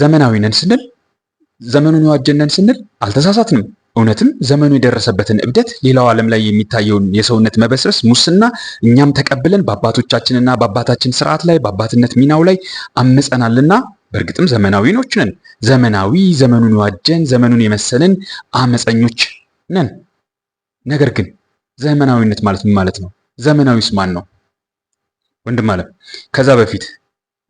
ዘመናዊ ነን ስንል ዘመኑን የዋጀነን ስንል አልተሳሳትንም። እውነትም ዘመኑ የደረሰበትን እብደት፣ ሌላው ዓለም ላይ የሚታየውን የሰውነት መበስበስ፣ ሙስና እኛም ተቀብለን በአባቶቻችንና በአባታችን ስርዓት ላይ በአባትነት ሚናው ላይ አምፀናልና በእርግጥም ነች ነን። ዘመናዊ ዘመኑን የዋጀን ዘመኑን የመሰልን አመፀኞች ነን። ነገር ግን ዘመናዊነት ማለት ምን ማለት ነው? ዘመናዊስ ማን ነው? ወንድም አለም ከዛ በፊት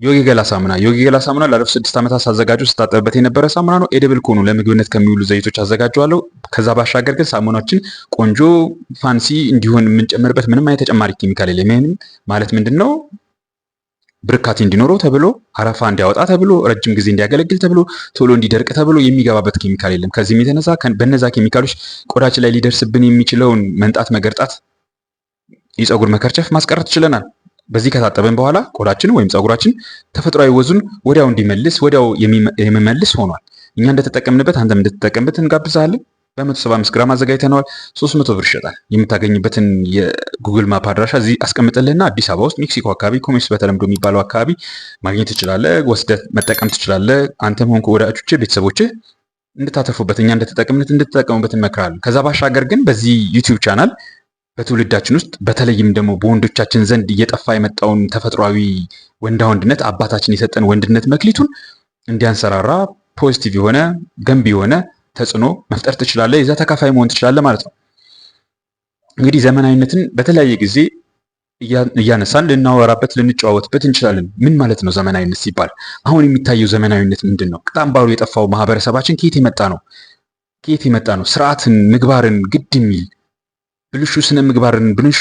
ዮጊ ገላ ሳሙና ዮጊ ገላ ሳሙና ላለፉት ስድስት ዓመታት ሳዘጋጀው ስታጠብበት የነበረ ሳሙና ነው። ኤድብል ከሆኑ ለምግብነት ከሚውሉ ዘይቶች አዘጋጀዋለሁ። ከዛ ባሻገር ግን ሳሙናዎችን ቆንጆ ፋንሲ እንዲሆን የምንጨምርበት ምንም አይነት ተጨማሪ ኬሚካል የለም። ይህም ማለት ምንድን ነው? ብርካቲ እንዲኖረው ተብሎ አረፋ እንዲያወጣ ተብሎ ረጅም ጊዜ እንዲያገለግል ተብሎ ቶሎ እንዲደርቅ ተብሎ የሚገባበት ኬሚካል የለም። ከዚህም የተነሳ በነዛ ኬሚካሎች ቆዳችን ላይ ሊደርስብን የሚችለውን መንጣት፣ መገርጣት፣ የፀጉር መከርቸፍ ማስቀረት ችለናል። በዚህ ከታጠበን በኋላ ቆዳችን ወይም ፀጉራችን ተፈጥሯዊ ወዙን ወዲያው እንዲመልስ ወዲያው የሚመልስ ሆኗል። እኛ እንደተጠቀምንበት አንተም እንደተጠቀምበት እንጋብዛለን። በ175 ግራም አዘጋጅተነዋል። 300 ብር ይሸጣል። የምታገኝበትን የጉግል ማፕ አድራሻ እዚህ አስቀምጥልህና አዲስ አበባ ውስጥ ሜክሲኮ አካባቢ ኮሜርስ በተለምዶ የሚባለው አካባቢ ማግኘት ትችላለህ። ወስደህ መጠቀም ትችላለህ። አንተም ሆንኩ ወዳጆችህ፣ ቤተሰቦችህ እንድታተፉበት እኛ እንደተጠቀምነት እንድትጠቀሙበት እንመክራለን። ከዛ ባሻገር ግን በዚህ ዩቲዩብ ቻናል በትውልዳችን ውስጥ በተለይም ደግሞ በወንዶቻችን ዘንድ እየጠፋ የመጣውን ተፈጥሯዊ ወንዳ ወንድነት አባታችን የሰጠን ወንድነት መክሊቱን እንዲያንሰራራ ፖዚቲቭ የሆነ ገንቢ የሆነ ተጽዕኖ መፍጠር ትችላለህ። የዛ ተካፋይ መሆን ትችላለህ ማለት ነው። እንግዲህ ዘመናዊነትን በተለያየ ጊዜ እያነሳን ልናወራበት ልንጨዋወትበት እንችላለን። ምን ማለት ነው ዘመናዊነት ሲባል? አሁን የሚታየው ዘመናዊነት ምንድን ነው? ቅጥ አምባሩ የጠፋው ማህበረሰባችን ከየት የመጣ ነው? ከየት የመጣ ነው? ስርዓትን፣ ምግባርን ግድ የሚል ብልሹ ስነ ምግባርን፣ ብልሹ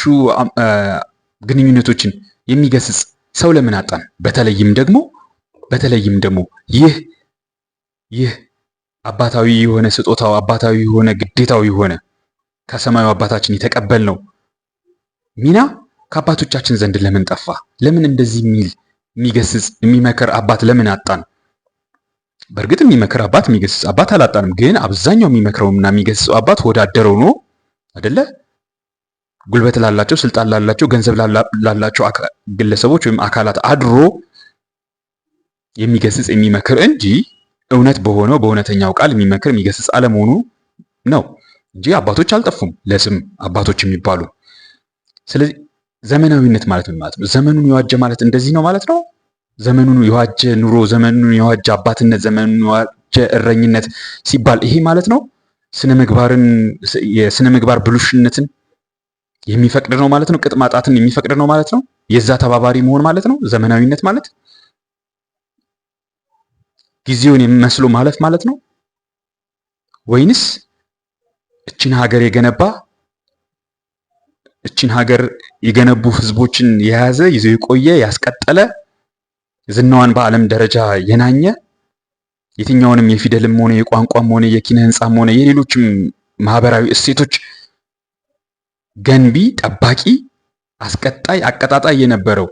ግንኙነቶችን የሚገስጽ ሰው ለምን አጣን? በተለይም ደግሞ በተለይም ደግሞ ይህ ይህ አባታዊ የሆነ ስጦታው አባታዊ የሆነ ግዴታው የሆነ ከሰማዩ አባታችን የተቀበልነው ሚና ከአባቶቻችን ዘንድ ለምን ጠፋ? ለምን እንደዚህ የሚል የሚገስጽ የሚመክር አባት ለምን አጣን? በእርግጥ የሚመክር አባት የሚገስጽ አባት አላጣንም። ግን አብዛኛው የሚመክረውና የሚገስጸው አባት ወዳደረው ነው አደለ? ጉልበት ላላቸው፣ ስልጣን ላላቸው፣ ገንዘብ ላላቸው ግለሰቦች ወይም አካላት አድሮ የሚገስጽ የሚመክር እንጂ እውነት በሆነው በእውነተኛው ቃል የሚመክር የሚገስጽ አለመሆኑ ነው እንጂ አባቶች አልጠፉም፣ ለስም አባቶች የሚባሉ። ስለዚህ ዘመናዊነት ማለት ምን ማለት ነው? ዘመኑን የዋጀ ማለት እንደዚህ ነው ማለት ነው። ዘመኑን የዋጀ ኑሮ፣ ዘመኑን የዋጀ አባትነት፣ ዘመኑን የዋጀ እረኝነት ሲባል ይሄ ማለት ነው ስነ ምግባርን የስነ ምግባር ብሉሽነትን የሚፈቅድ ነው ማለት ነው። ቅጥ ማጣትን የሚፈቅድ ነው ማለት ነው። የዛ ተባባሪ መሆን ማለት ነው። ዘመናዊነት ማለት ጊዜውን የሚመስሉ ማለፍ ማለት ነው። ወይንስ እችን ሀገር የገነባ እችን ሀገር የገነቡ ህዝቦችን የያዘ ይዞ የቆየ ያስቀጠለ ዝናዋን በዓለም ደረጃ የናኘ የትኛውንም የፊደልም ሆነ የቋንቋም ሆነ የኪነ ህንፃም ሆነ የሌሎችም ማህበራዊ እሴቶች ገንቢ፣ ጠባቂ፣ አስቀጣይ፣ አቀጣጣይ የነበረው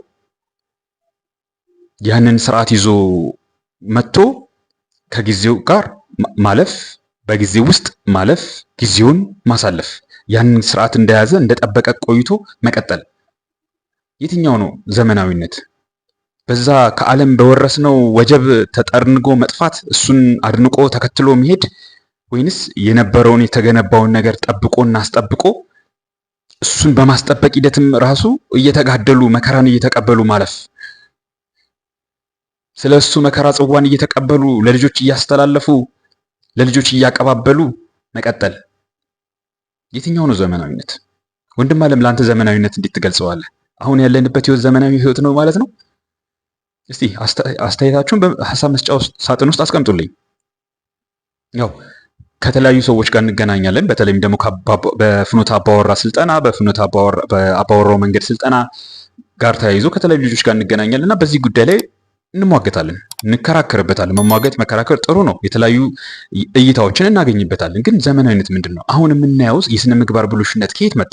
ያንን ስርዓት ይዞ መጥቶ ከጊዜው ጋር ማለፍ፣ በጊዜ ውስጥ ማለፍ፣ ጊዜውን ማሳለፍ፣ ያንን ስርዓት እንደያዘ እንደጠበቀ ቆይቶ መቀጠል የትኛው ነው ዘመናዊነት? በዛ ከዓለም በወረስነው ወጀብ ተጠርንጎ መጥፋት፣ እሱን አድንቆ ተከትሎ መሄድ ወይንስ የነበረውን የተገነባውን ነገር ጠብቆና አስጠብቆ እሱን በማስጠበቅ ሂደትም ራሱ እየተጋደሉ መከራን እየተቀበሉ ማለፍ ስለ እሱ መከራ ጽዋን እየተቀበሉ ለልጆች እያስተላለፉ ለልጆች እያቀባበሉ መቀጠል የትኛው ነው ዘመናዊነት? ወንድም ዓለም ለአንተ ዘመናዊነት እንዴት ትገልጸዋለህ? አሁን ያለንበት ህይወት ዘመናዊ ህይወት ነው ማለት ነው? እስቲ አስተያየታችሁን በሀሳብ መስጫ ሳጥን ውስጥ አስቀምጡልኝ። ያው ከተለያዩ ሰዎች ጋር እንገናኛለን። በተለይም ደግሞ በፍኖተ አባወራ ስልጠና በፍኖተ አባወራው መንገድ ስልጠና ጋር ተያይዞ ከተለያዩ ልጆች ጋር እንገናኛለን እና በዚህ ጉዳይ ላይ እንሟገታለን፣ እንከራከርበታለን። መሟገት፣ መከራከር ጥሩ ነው። የተለያዩ እይታዎችን እናገኝበታለን። ግን ዘመናዊነት ምንድን ነው? አሁን የምናየው የስነ ምግባር ብልሹነት ከየት መጣ?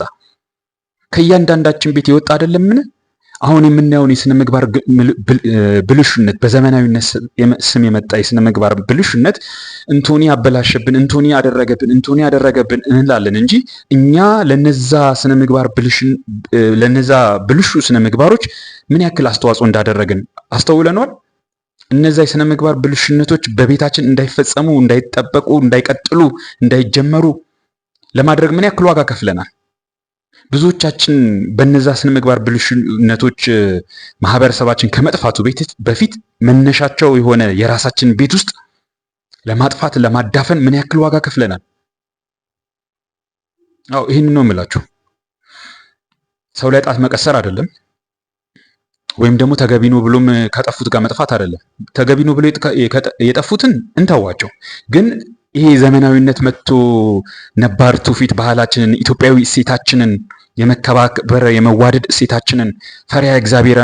ከእያንዳንዳችን ቤት የወጣ አይደለምን? አሁን የምናየውን የስነ ምግባር ብልሹነት በዘመናዊነት ስም የመጣ የስነ ምግባር ብልሹነት እንቶኒ አበላሸብን፣ እንቶኒ አደረገብን፣ እንቶኒ አደረገብን እንላለን እንጂ እኛ ለነዛ ስነ ምግባር ለነዛ ብልሹ ስነ ምግባሮች ምን ያክል አስተዋጽኦ እንዳደረግን አስተውለነዋል። እነዛ የስነ ምግባር ብልሽነቶች በቤታችን እንዳይፈጸሙ፣ እንዳይጠበቁ፣ እንዳይቀጥሉ፣ እንዳይጀመሩ ለማድረግ ምን ያክል ዋጋ ከፍለናል? ብዙዎቻችን በነዛ ስነ ምግባር ብልሽነቶች ማህበረሰባችን ከመጥፋቱ በፊት መነሻቸው የሆነ የራሳችን ቤት ውስጥ ለማጥፋት ለማዳፈን ምን ያክል ዋጋ ከፍለናል? አዎ ይህንን ነው የምላችሁ። ሰው ላይ ጣት መቀሰር አይደለም፣ ወይም ደግሞ ተገቢ ነው ብሎም ከጠፉት ጋር መጥፋት አይደለም። ተገቢ ነው ብሎ የጠፉትን እንተዋቸው ግን ይሄ ዘመናዊነት መጥቶ ነባር ትውፊት ባህላችንን ኢትዮጵያዊ እሴታችንን የመከባበር የመዋደድ እሴታችንን ፈሪያ እግዚአብሔር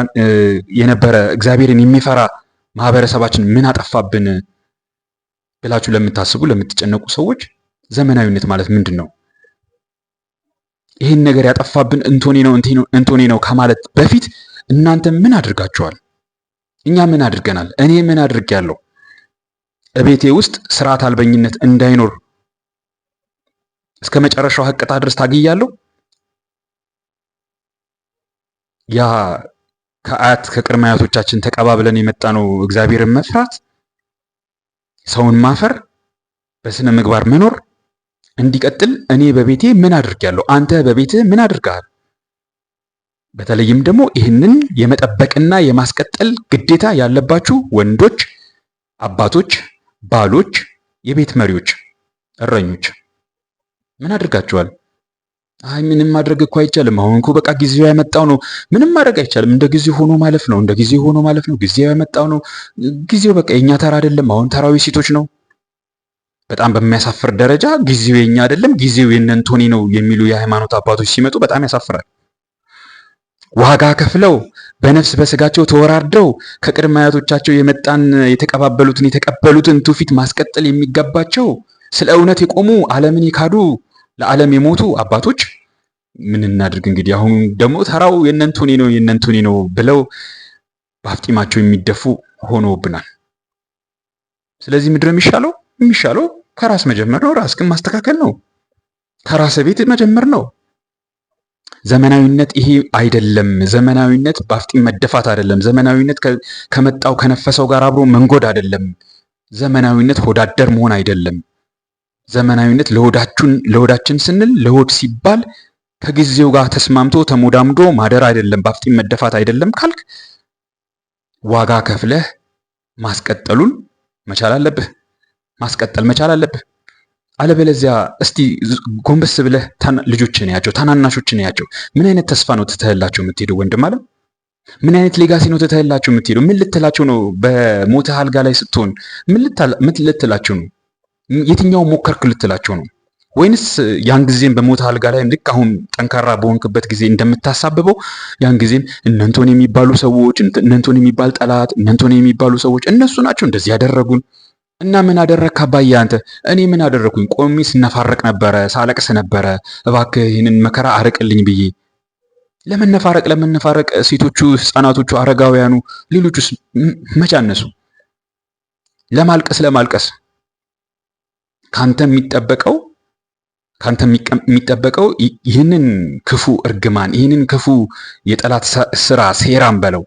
የነበረ እግዚአብሔርን የሚፈራ ማህበረሰባችን ምን አጠፋብን ብላችሁ ለምታስቡ ለምትጨነቁ ሰዎች ዘመናዊነት ማለት ምንድን ነው? ይህን ነገር ያጠፋብን እንቶኔ ነው እንቶኔ ነው ከማለት በፊት እናንተ ምን አድርጋችኋል? እኛ ምን አድርገናል? እኔ ምን አድርጌያለሁ? እቤቴ ውስጥ ስርዓት አልበኝነት እንዳይኖር እስከ መጨረሻው ሀቅታ ድረስ ታግያለሁ። ያ ከአያት ከቅድመ አያቶቻችን ተቀባብለን የመጣነው እግዚአብሔርን መፍራት፣ ሰውን ማፈር፣ በስነ ምግባር መኖር እንዲቀጥል እኔ በቤቴ ምን አድርጌያለሁ? አንተ በቤትህ ምን አድርገሃል? በተለይም ደግሞ ይህንን የመጠበቅና የማስቀጠል ግዴታ ያለባችሁ ወንዶች አባቶች ባሎች፣ የቤት መሪዎች፣ እረኞች ምን አድርጋችኋል? አይ ምንም ማድረግ እኮ አይቻልም። አሁን እኮ በቃ ጊዜው ያመጣው ነው። ምንም ማድረግ አይቻልም። እንደ ጊዜ ሆኖ ማለፍ ነው። እንደ ጊዜው ሆኖ ማለፍ ነው። ጊዜው ያመጣው ነው። ጊዜው በቃ የኛ ተራ አይደለም። አሁን ተራዊ ሴቶች ነው። በጣም በሚያሳፍር ደረጃ ጊዜው የኛ አይደለም፣ ጊዜው የእነ እንቶኒ ነው የሚሉ የሃይማኖት አባቶች ሲመጡ በጣም ያሳፍራል። ዋጋ ከፍለው በነፍስ በስጋቸው ተወራርደው ከቅድመ አያቶቻቸው የመጣን የተቀባበሉትን የተቀበሉትን ትውፊት ማስቀጠል የሚገባቸው ስለ እውነት የቆሙ ዓለምን የካዱ ለዓለም የሞቱ አባቶች ምን እናድርግ እንግዲህ አሁን ደግሞ ተራው የእነንቱኔ ነው የእነንቱኔ ነው ብለው በአፍጢማቸው የሚደፉ ሆኖብናል። ስለዚህ ምድር የሚሻለው የሚሻለው ከራስ መጀመር ነው። ራስ ግን ማስተካከል ነው። ከራስ ቤት መጀመር ነው። ዘመናዊነት ይሄ አይደለም። ዘመናዊነት በአፍጢም መደፋት አይደለም። ዘመናዊነት ከመጣው ከነፈሰው ጋር አብሮ መንጎድ አይደለም። ዘመናዊነት ሆዳደር መሆን አይደለም። ዘመናዊነት ለሆዳችን ስንል ለሆድ ሲባል ከጊዜው ጋር ተስማምቶ ተሞዳምዶ ማደር አይደለም፣ በአፍጢም መደፋት አይደለም ካልክ ዋጋ ከፍለህ ማስቀጠሉን መቻል አለብህ። ማስቀጠል መቻል አለብህ። አለበለዚያ እስቲ ጎንበስ ብለህ ልጆችን ያቸው፣ ታናናሾችን ያቸው። ምን አይነት ተስፋ ነው ትተህላቸው የምትሄደው? ወንድም አለም ምን አይነት ሌጋሲ ነው ትተህላቸው የምትሄዱ? ምን ልትላቸው ነው? በሞተ አልጋ ላይ ስትሆን ምን ልትላቸው ነው? የትኛው ሞከርክ ልትላቸው ነው? ወይንስ ያን ጊዜም በሞተ አልጋ ላይም ልክ አሁን ጠንካራ በሆንክበት ጊዜ እንደምታሳብበው ያን ጊዜም እነንቶን የሚባሉ ሰዎች፣ እነንቶን የሚባል ጠላት፣ እነንቶን የሚባሉ ሰዎች እነሱ ናቸው እንደዚህ ያደረጉን እና ምን አደረግክ አባዬ አንተ? እኔ ምን አደረግኩኝ? ቆሚ ስነፋረቅ ነበረ፣ ሳለቅስ ነበረ። እባክህ ይህንን መከራ አርቅልኝ ብዬ ለመነፋረቅ ለመነፋረቅ ሴቶቹ፣ ህፃናቶቹ፣ አረጋውያኑ፣ ሌሎቹስ መቻነሱ ለማልቀስ ለማልቀስ ካንተ የሚጠበቀው ካንተ የሚጠበቀው ይህንን ክፉ እርግማን ይህንን ክፉ የጠላት ስራ ሴራን በለው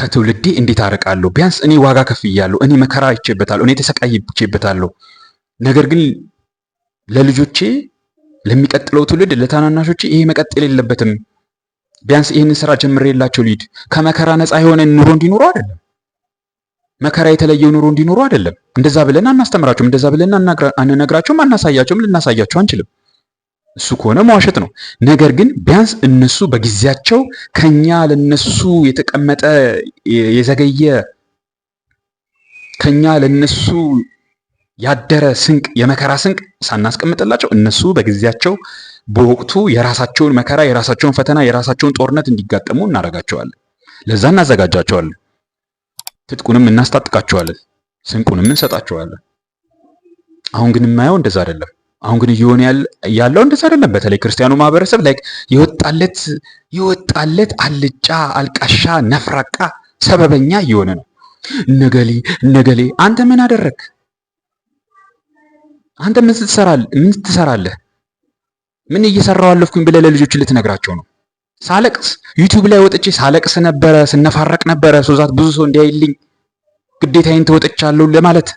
ከትውልዴ እንዴት አርቃለሁ? ቢያንስ እኔ ዋጋ ከፍያለሁ፣ እኔ መከራ ይቼበታለሁ፣ እኔ ተሰቃይቼበታለሁ። ነገር ግን ለልጆቼ፣ ለሚቀጥለው ትውልድ፣ ለታናናሾቼ ይሄ መቀጠል የለበትም። ቢያንስ ይህን ስራ ጀምሬላቸው ልሂድ። ከመከራ ነፃ የሆነ ኑሮ እንዲኖሩ አይደለም፣ መከራ የተለየው ኑሮ እንዲኖሩ አይደለም። እንደዛ ብለን አናስተምራቸውም፣ እንደዛ ብለን አንነግራቸውም፣ አናሳያቸውም፣ ልናሳያቸው አንችልም። እሱ ከሆነ መዋሸት ነው። ነገር ግን ቢያንስ እነሱ በጊዜያቸው ከኛ ለነሱ የተቀመጠ የዘገየ ከኛ ለነሱ ያደረ ስንቅ የመከራ ስንቅ ሳናስቀምጥላቸው እነሱ በጊዜያቸው በወቅቱ የራሳቸውን መከራ፣ የራሳቸውን ፈተና፣ የራሳቸውን ጦርነት እንዲጋጠሙ እናደርጋቸዋለን። ለዛ እናዘጋጃቸዋለን። ትጥቁንም እናስታጥቃቸዋለን። ስንቁንም እንሰጣቸዋለን። አሁን ግን የማየው እንደዛ አይደለም። አሁን ግን እየሆነ ያለው እንደዛ አይደለም። በተለይ ክርስቲያኑ ማህበረሰብ ላይ የወጣለት የወጣለት አልጫ፣ አልቃሻ፣ ነፍራቃ፣ ሰበበኛ እየሆነ ነው። ነገሌ ነገሌ፣ አንተ ምን አደረግ? አንተ ምን ትሰራለህ? ምን ትሰራለህ? ምን እየሰራው አለፍኩኝ ብለህ ለልጆች ልትነግራቸው ነው? ሳለቅስ ዩቲዩብ ላይ ወጥቼ ሳለቅስ ነበረ፣ ስነፋረቅ ነበረ፣ ሶዛት ብዙ ሰው እንዲያይልኝ ግዴታዬን ተወጥቻለሁ ለማለት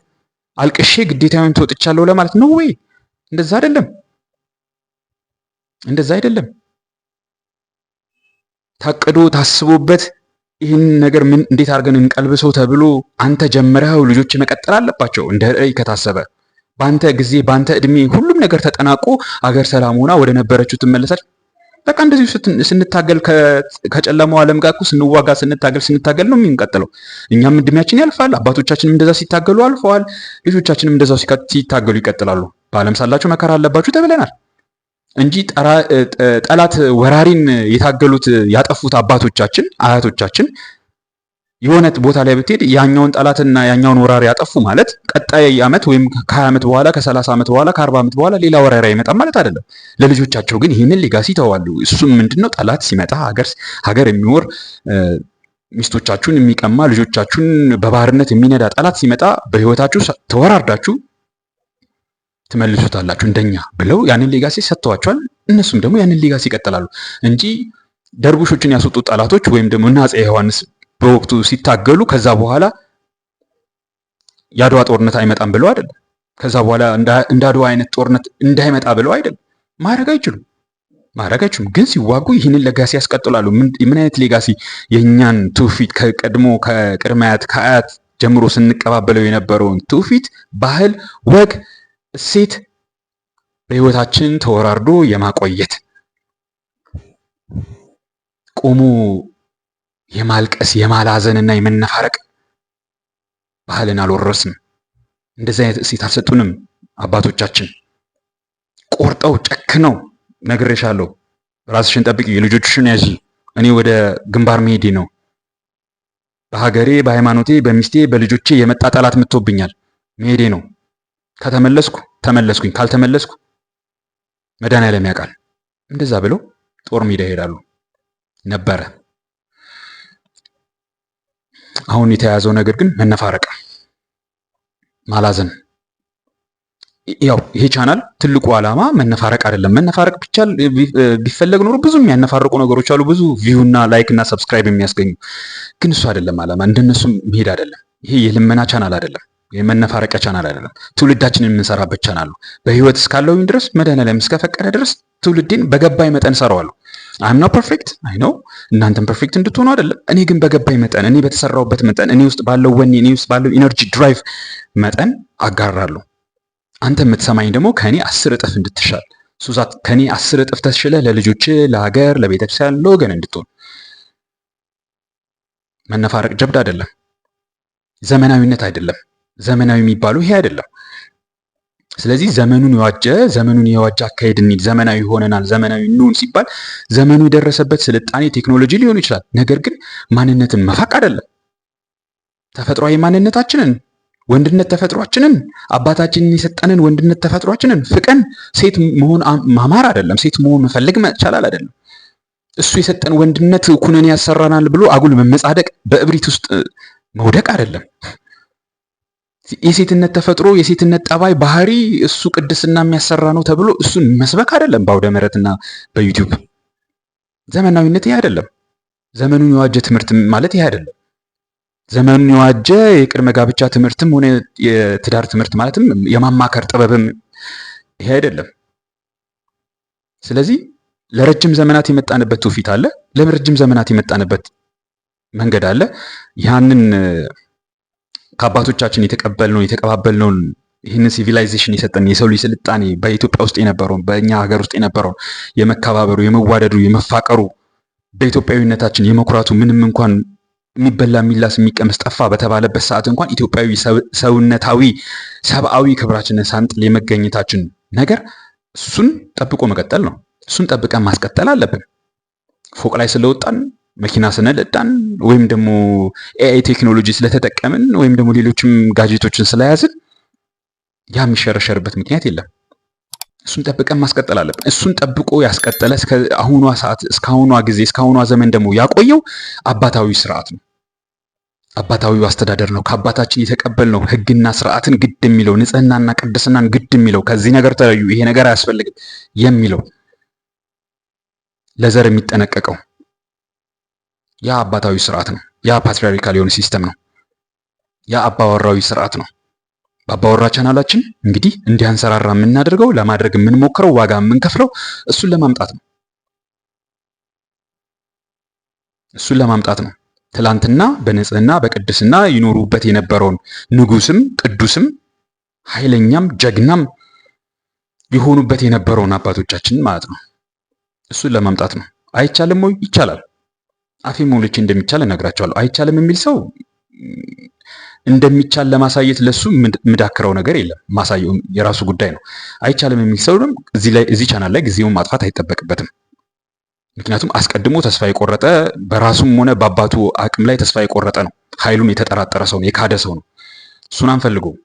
አልቅሼ ግዴታዬን ተወጥቻለሁ ለማለት ነው ወይ እንደዛ አይደለም፣ እንደዛ አይደለም። ታቅዶ ታስቦበት ይህን ነገር ምን እንዴት አድርገን እንቀልብሰው ተብሎ አንተ ጀምረኸው ልጆች መቀጠል አለባቸው። እንደ ራዕይ ከታሰበ በአንተ ጊዜ በአንተ እድሜ ሁሉም ነገር ተጠናቆ አገር ሰላም ሆና ወደ ነበረችው ትመለሳች። በቃ እንደዚሁ ስንታገል ከጨለማው ዓለም ጋር እኮ ስንዋጋ ስንታገል ስንታገል ነው የምንቀጥለው። እኛም እድሜያችን ያልፋል። አባቶቻችንም እንደዛ ሲታገሉ አልፈዋል። ልጆቻችንም እንደዛ ሲታገሉ ይቀጥላሉ። በዓለም ሳላችሁ መከራ አለባችሁ ተብለናል እንጂ ጠላት ወራሪን የታገሉት ያጠፉት አባቶቻችን አያቶቻችን የሆነ ቦታ ላይ ብትሄድ ያኛውን ጠላትና ያኛውን ወራሪ ያጠፉ ማለት ቀጣይ ዓመት ወይም ከ20 ዓመት በኋላ ከሰላሳ ዓመት በኋላ ከ40 ዓመት በኋላ ሌላ ወራሪ አይመጣም ማለት አይደለም። ለልጆቻቸው ግን ይህንን ሊጋሲ ይተዋሉ። እሱም ምንድነው ጠላት ሲመጣ ሀገር የሚወር ሚስቶቻችሁን የሚቀማ ልጆቻችሁን በባርነት የሚነዳ ጠላት ሲመጣ በህይወታችሁ ተወራርዳችሁ ትመልሱታላችሁ እንደኛ ብለው ያንን ሌጋሲ ሰጥተዋቸዋል። እነሱም ደግሞ ያንን ሌጋሲ ይቀጥላሉ እንጂ ደርቡሾችን ያስወጡ ጠላቶች ወይም ደግሞ እና አፄ ዮሐንስ በወቅቱ ሲታገሉ ከዛ በኋላ የአድዋ ጦርነት አይመጣም ብለው አይደለም። ከዛ በኋላ እንደ አድዋ አይነት ጦርነት እንዳይመጣ ብለው አይደለም። ማድረግ አይችሉም፣ ማድረግ አይችሉም። ግን ሲዋጉ ይህንን ሌጋሲ ያስቀጥላሉ። ምን አይነት ሌጋሲ? የእኛን ትውፊት ከቀድሞ ከቅድመ አያት ከአያት ጀምሮ ስንቀባበለው የነበረውን ትውፊት፣ ባህል፣ ወግ እሴት በህይወታችን ተወራርዶ የማቆየት ቆሞ የማልቀስ የማላዘንና የመነፋረቅ ባህልን አልወረስም። እንደዚህ አይነት እሴት አልሰጡንም አባቶቻችን። ቆርጠው ጨክነው ነግሬሻለሁ፣ ራስሽን ጠብቂ፣ ልጆችሽን ያዢ፣ እኔ ወደ ግንባር መሄዴ ነው፣ በሀገሬ፣ በሃይማኖቴ፣ በሚስቴ፣ በልጆቼ የመጣ ጠላት መጥቶብኛል፣ መሄዴ ነው ከተመለስኩ ተመለስኩኝ፣ ካልተመለስኩ መድኃኔዓለም ያውቃል። እንደዛ ብለው ጦር ሜዳ ይሄዳሉ ነበረ። አሁን የተያያዘው ነገር ግን መነፋረቅ፣ ማላዘን። ያው ይሄ ቻናል ትልቁ ዓላማ መነፋረቅ አይደለም። መነፋረቅ ብቻ ቢፈለግ ኖሮ ብዙ የሚያነፋርቁ ነገሮች አሉ፣ ብዙ ቪው እና ላይክ እና ሰብስክራይብ የሚያስገኙ ግን እሱ አይደለም ዓላማ። እንደነሱ መሄድ አይደለም። ይሄ የልመና ቻናል አይደለም። የመነፋረቂያ ቻናል አይደለም። ትውልዳችን የምንሰራበት ቻናል ነው። በህይወት እስካለሁኝ ድረስ መድኃኔዓለም እስከፈቀደ ድረስ ትውልዴን በገባኝ መጠን ሰራዋለሁ። አይ ኖ ፐርፌክት አይ ኖ እናንተም ፐርፌክት እንድትሆኑ አይደለም። እኔ ግን በገባኝ መጠን፣ እኔ በተሰራውበት መጠን፣ እኔ ውስጥ ባለው ወኔ፣ እኔ ውስጥ ባለው ኢነርጂ ድራይቭ መጠን አጋራለሁ። አንተ የምትሰማኝ ደግሞ ከእኔ አስር እጥፍ እንድትሻል ሱዛት ከኔ አስር እጥፍ ተሽለ ለልጆች፣ ለሀገር፣ ለቤተክርስቲያን፣ ለወገን እንድትሆን መነፋረቅ ጀብድ አይደለም። ዘመናዊነት አይደለም። ዘመናዊ የሚባለው ይሄ አይደለም። ስለዚህ ዘመኑን የዋጀ ዘመኑን የዋጀ አካሄድ እንሂድ፣ ዘመናዊ ሆነናል፣ ዘመናዊ እንሁን ሲባል ዘመኑ የደረሰበት ስልጣኔ ቴክኖሎጂ ሊሆን ይችላል። ነገር ግን ማንነትን መፋቅ አይደለም። ተፈጥሯዊ ማንነታችንን ወንድነት ተፈጥሯችንን አባታችንን የሰጠንን ወንድነት ተፈጥሯችንን ፍቀን ሴት መሆን ማማር አይደለም። ሴት መሆን መፈለግ መቻላል አይደለም። እሱ የሰጠን ወንድነት ኩነኔ ያሰራናል ብሎ አጉል መመጻደቅ፣ በእብሪት ውስጥ መውደቅ አይደለም። የሴትነት ተፈጥሮ የሴትነት ጠባይ ባህሪ እሱ ቅድስና የሚያሰራ ነው ተብሎ እሱን መስበክ አይደለም። በአውደ ምሕረትና በዩቲዩብ ዘመናዊነት ይህ አይደለም። ዘመኑን የዋጀ ትምህርት ማለት ይህ አይደለም። ዘመኑን የዋጀ የቅድመ ጋብቻ ትምህርትም ሆነ የትዳር ትምህርት ማለትም የማማከር ጥበብም ይሄ አይደለም። ስለዚህ ለረጅም ዘመናት የመጣንበት ትውፊት አለ። ለረጅም ዘመናት የመጣንበት መንገድ አለ። ያንን ከአባቶቻችን የተቀበልነውን የተቀባበልነውን ይህንን ሲቪላይዜሽን የሰጠን የሰው ልጅ ስልጣኔ በኢትዮጵያ ውስጥ የነበረውን በእኛ ሀገር ውስጥ የነበረውን የመከባበሩ፣ የመዋደዱ፣ የመፋቀሩ በኢትዮጵያዊነታችን የመኩራቱ ምንም እንኳን የሚበላ የሚላስ የሚቀመስ ጠፋ በተባለበት ሰዓት እንኳን ኢትዮጵያዊ ሰውነታዊ ሰብአዊ ክብራችንን ሳንጥል የመገኘታችን ነገር እሱን ጠብቆ መቀጠል ነው። እሱን ጠብቀን ማስቀጠል አለብን። ፎቅ ላይ ስለወጣን መኪና ስንል ወይም ደግሞ ኤአይ ቴክኖሎጂ ስለተጠቀምን ወይም ደግሞ ሌሎችም ጋጀቶችን ስለያዝን ያ የሚሸረሸርበት ምክንያት የለም። እሱን ጠብቀን ማስቀጠል አለብን። እሱን ጠብቆ ያስቀጠለ አሁኗ ሰዓት እስካሁኗ ጊዜ እስካሁኗ ዘመን ደግሞ ያቆየው አባታዊ ስርዓት ነው። አባታዊ አስተዳደር ነው። ከአባታችን የተቀበልነው ሕግና ስርዓትን ግድ የሚለው ንጽህናና ቅድስናን ግድ የሚለው ከዚህ ነገር ተለዩ፣ ይሄ ነገር አያስፈልግም የሚለው ለዘር የሚጠነቀቀው ያ አባታዊ ስርዓት ነው። ያ ፓትሪያርካል የሆነ ሲስተም ነው። ያ አባወራዊ ስርዓት ነው። በአባወራ ቻናላችን እንግዲህ እንዲያንሰራራ የምናደርገው ለማድረግ የምንሞክረው ዋጋ የምንከፍለው እሱን ለማምጣት ነው። እሱን ለማምጣት ነው። ትላንትና በንጽህና በቅድስና ይኖሩበት የነበረውን ንጉስም ቅዱስም ኃይለኛም ጀግናም የሆኑበት የነበረውን አባቶቻችን ማለት ነው። እሱን ለማምጣት ነው። አይቻልም ወይ? ይቻላል። አፌ ሞልቼ እንደሚቻል እነግራቸዋለሁ። አይቻልም የሚል ሰው እንደሚቻል ለማሳየት ለሱ የምዳክረው ነገር የለም። ማሳየው የራሱ ጉዳይ ነው። አይቻልም የሚል ሰው እዚህ ቻናል ላይ ጊዜውን ማጥፋት አይጠበቅበትም። ምክንያቱም አስቀድሞ ተስፋ የቆረጠ በራሱም ሆነ በአባቱ አቅም ላይ ተስፋ የቆረጠ ነው። ኃይሉን የተጠራጠረ ሰው ነው። የካደ ሰው ነው። እሱን አንፈልገውም።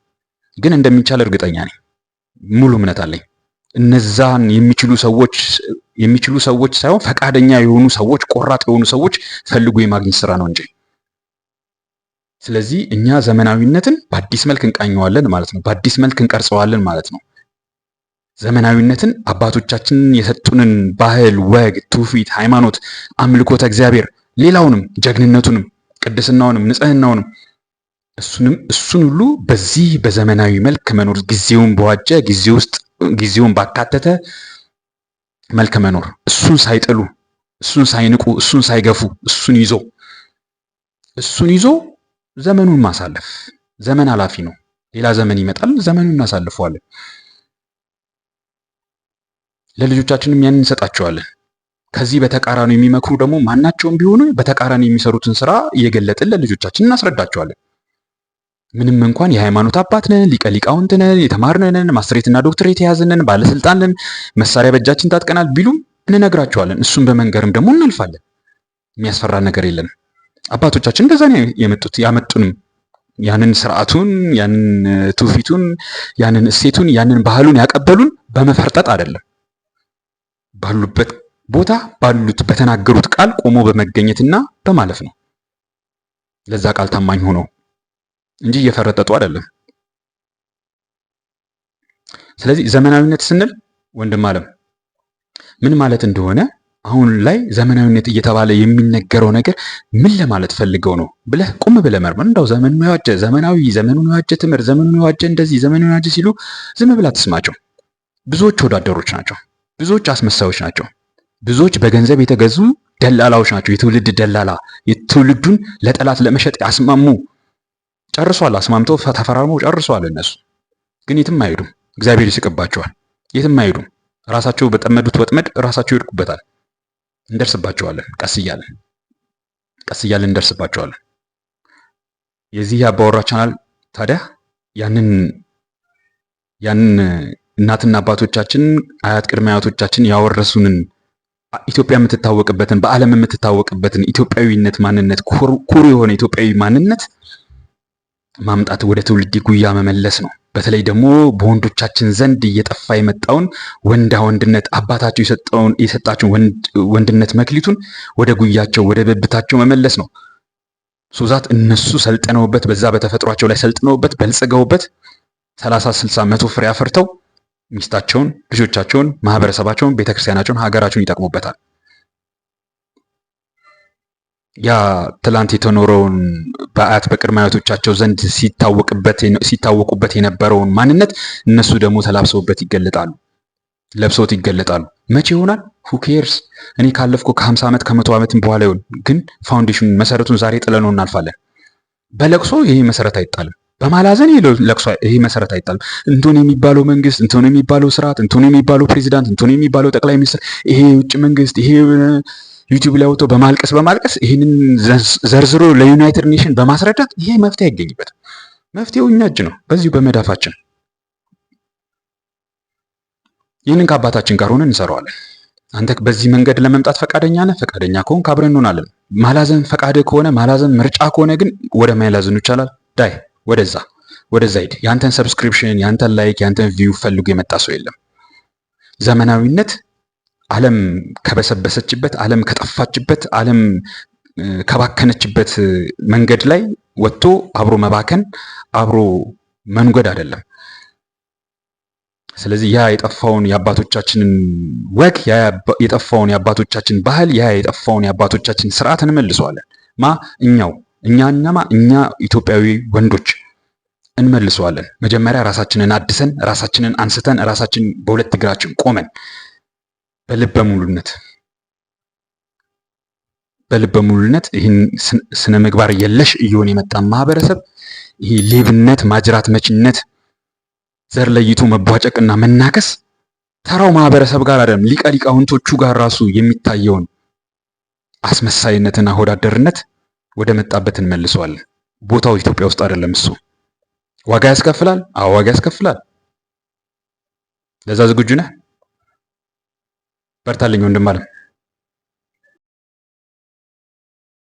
ግን እንደሚቻል እርግጠኛ ነኝ። ሙሉ እምነት አለኝ። እነዛን የሚችሉ ሰዎች የሚችሉ ሰዎች ሳይሆን ፈቃደኛ የሆኑ ሰዎች፣ ቆራጥ የሆኑ ሰዎች ፈልጎ የማግኘት ስራ ነው እንጂ። ስለዚህ እኛ ዘመናዊነትን በአዲስ መልክ እንቃኘዋለን ማለት ነው። በአዲስ መልክ እንቀርጸዋለን ማለት ነው። ዘመናዊነትን አባቶቻችን የሰጡንን ባህል፣ ወግ፣ ትውፊት፣ ሃይማኖት፣ አምልኮተ እግዚአብሔር፣ ሌላውንም ጀግንነቱንም፣ ቅድስናውንም፣ ንጽህናውንም እሱንም እሱን ሁሉ በዚህ በዘመናዊ መልክ መኖር ጊዜውን በዋጀ ጊዜ ውስጥ ጊዜውን ባካተተ መልክ መኖር እሱን ሳይጥሉ እሱን ሳይንቁ እሱን ሳይገፉ እሱን ይዞ እሱን ይዞ ዘመኑን ማሳለፍ። ዘመን ኃላፊ ነው። ሌላ ዘመን ይመጣል። ዘመኑን እናሳልፈዋለን። ለልጆቻችንም ያንን እንሰጣቸዋለን። ከዚህ በተቃራኒ የሚመክሩ ደግሞ ማናቸውም ቢሆኑ በተቃራኒ የሚሰሩትን ስራ እየገለጥን ለልጆቻችን እናስረዳቸዋለን። ምንም እንኳን የሃይማኖት አባት ነን፣ ሊቀ ሊቃውንት ነን፣ የተማርነን፣ ማስትሬትና ዶክትሬት የያዝንን፣ ባለስልጣን ነን፣ መሳሪያ በእጃችን ታጥቀናል ቢሉም እንነግራቸዋለን። እሱን በመንገርም ደግሞ እናልፋለን። የሚያስፈራ ነገር የለም። አባቶቻችን እንደዛ ነው የመጡት ያመጡንም ያንን ስርዓቱን ያንን ትውፊቱን ያንን እሴቱን ያንን ባህሉን ያቀበሉን በመፈርጠጥ አይደለም። ባሉበት ቦታ ባሉት በተናገሩት ቃል ቆሞ በመገኘትና በማለፍ ነው። ለዛ ቃል ታማኝ ሆነው እንጂ እየፈረጠጡ አይደለም። ስለዚህ ዘመናዊነት ስንል ወንድም አለም ምን ማለት እንደሆነ አሁን ላይ ዘመናዊነት እየተባለ የሚነገረው ነገር ምን ለማለት ፈልገው ነው ብለህ ቁም ብለህ መርመር። እንደው ዘመኑን የዋጀ ዘመናዊ፣ ዘመኑን የዋጀ ትምህርት፣ ዘመኑን የዋጀ እንደዚህ፣ ዘመኑን የዋጀ ሲሉ ዝም ብላ ትስማቸው። ብዙዎች ወዳደሮች ናቸው። ብዙዎች አስመሳዮች ናቸው። ብዙዎች በገንዘብ የተገዙ ደላላዎች ናቸው። የትውልድ ደላላ፣ የትውልዱን ለጠላት ለመሸጥ ያስማሙ ጨርሷል። አስማምተው ተፈራርመው ጨርሷል። እነሱ ግን የትም አይሄዱም። እግዚአብሔር ይስቅባቸዋል። የትም አይሄዱም። ራሳቸው በጠመዱት ወጥመድ ራሳቸው ይወድቁበታል። እንደርስባቸዋለን። ቀስ እያለን ቀስ እያለን እንደርስባቸዋለን። የዚህ የአባወራ ቻናል ታዲያ ያንን ያንን እናትና አባቶቻችን አያት ቅድመ አያቶቻችን ያወረሱንን ኢትዮጵያ የምትታወቅበትን በዓለም የምትታወቅበትን ኢትዮጵያዊነት ማንነት ኩሩ የሆነ ኢትዮጵያዊ ማንነት ማምጣት ወደ ትውልድ ጉያ መመለስ ነው። በተለይ ደግሞ በወንዶቻችን ዘንድ እየጠፋ የመጣውን ወንዳ ወንድነት አባታቸው የሰጣቸውን ወንድነት መክሊቱን ወደ ጉያቸው ወደ ብብታቸው መመለስ ነው። ሶዛት እነሱ ሰልጥነውበት በዛ በተፈጥሯቸው ላይ ሰልጥነውበት በልጽገውበት ሰላሳ ስልሳ መቶ ፍሬ አፈርተው ሚስታቸውን፣ ልጆቻቸውን፣ ማህበረሰባቸውን፣ ቤተክርስቲያናቸውን፣ ሀገራቸውን ይጠቅሙበታል። ያ ትላንት የተኖረውን በአያት በቅድመ አያቶቻቸው ዘንድ ሲታወቁበት የነበረውን ማንነት እነሱ ደግሞ ተላብሰውበት ይገለጣሉ፣ ለብሰውት ይገለጣሉ። መቼ ይሆናል? ሁኬርስ እኔ ካለፍኩ ከ50 ዓመት ከመቶ ዓመት በኋላ ይሆን። ግን ፋውንዴሽኑ መሰረቱን ዛሬ ጥለነው እናልፋለን። በለቅሶ ይሄ መሰረት አይጣልም። በማላዘን ለቅሶ ይሄ መሰረት አይጣልም። እንትን የሚባለው መንግስት፣ እንትን የሚባለው ስርዓት፣ እንትን የሚባለው ፕሬዚዳንት፣ እንትን የሚባለው ጠቅላይ ሚኒስትር፣ ይሄ የውጭ መንግስት፣ ይሄ ዩቲዩብ ላይ ወጥቶ በማልቀስ በማልቀስ ይህንን ዘርዝሮ ለዩናይትድ ኔሽን በማስረዳት ይሄ መፍትሄ አይገኝበትም። መፍትሄው እኛ እጅ ነው፣ በዚሁ በመዳፋችን። ይህንን ከአባታችን ጋር ሆነን እንሰራዋለን። አንተ በዚህ መንገድ ለመምጣት ፈቃደኛ ነህ? ፈቃደኛ ከሆንክ አብረን እንሆናለን። ማላዘን ፈቃደ ከሆነ ማላዘን ምርጫ ከሆነ ግን ወደ ማይላዘኑ ይቻላል። ዳይ ወደዛ ወደዛ ሂድ። ያንተን ሰብስክሪፕሽን፣ ያንተን ላይክ፣ ያንተን ቪው ፈልጎ የመጣ ሰው የለም። ዘመናዊነት ዓለም ከበሰበሰችበት፣ ዓለም ከጠፋችበት፣ ዓለም ከባከነችበት መንገድ ላይ ወጥቶ አብሮ መባከን አብሮ መንጎድ አይደለም። ስለዚህ ያ የጠፋውን የአባቶቻችንን ወግ ያ የጠፋውን የአባቶቻችን ባህል ያ የጠፋውን የአባቶቻችን ስርዓት እንመልሰዋለን። ማ እኛው እኛናማ እኛ ኢትዮጵያዊ ወንዶች እንመልሰዋለን። መጀመሪያ ራሳችንን አድሰን ራሳችንን አንስተን ራሳችን በሁለት እግራችን ቆመን በልበ ሙሉነት በልበ ሙሉነት ይህን ስነ ምግባር የለሽ እየሆነ የመጣ ማህበረሰብ ይህ ሌብነት፣ ማጅራት መችነት፣ ዘር ለይቶ መቧጨቅና መናከስ ተራው ማህበረሰብ ጋር አይደለም ሊቀ ሊቃውንቶቹ ጋር ራሱ የሚታየውን አስመሳይነትና ሆዳደርነት ወደ መጣበት እንመልሰዋለን። ቦታው ኢትዮጵያ ውስጥ አይደለም። እሱ ዋጋ ያስከፍላል። አዎ ዋጋ ያስከፍላል። ለዛ ዝግጁ ነህ? በርታልኝ ወንድም አለም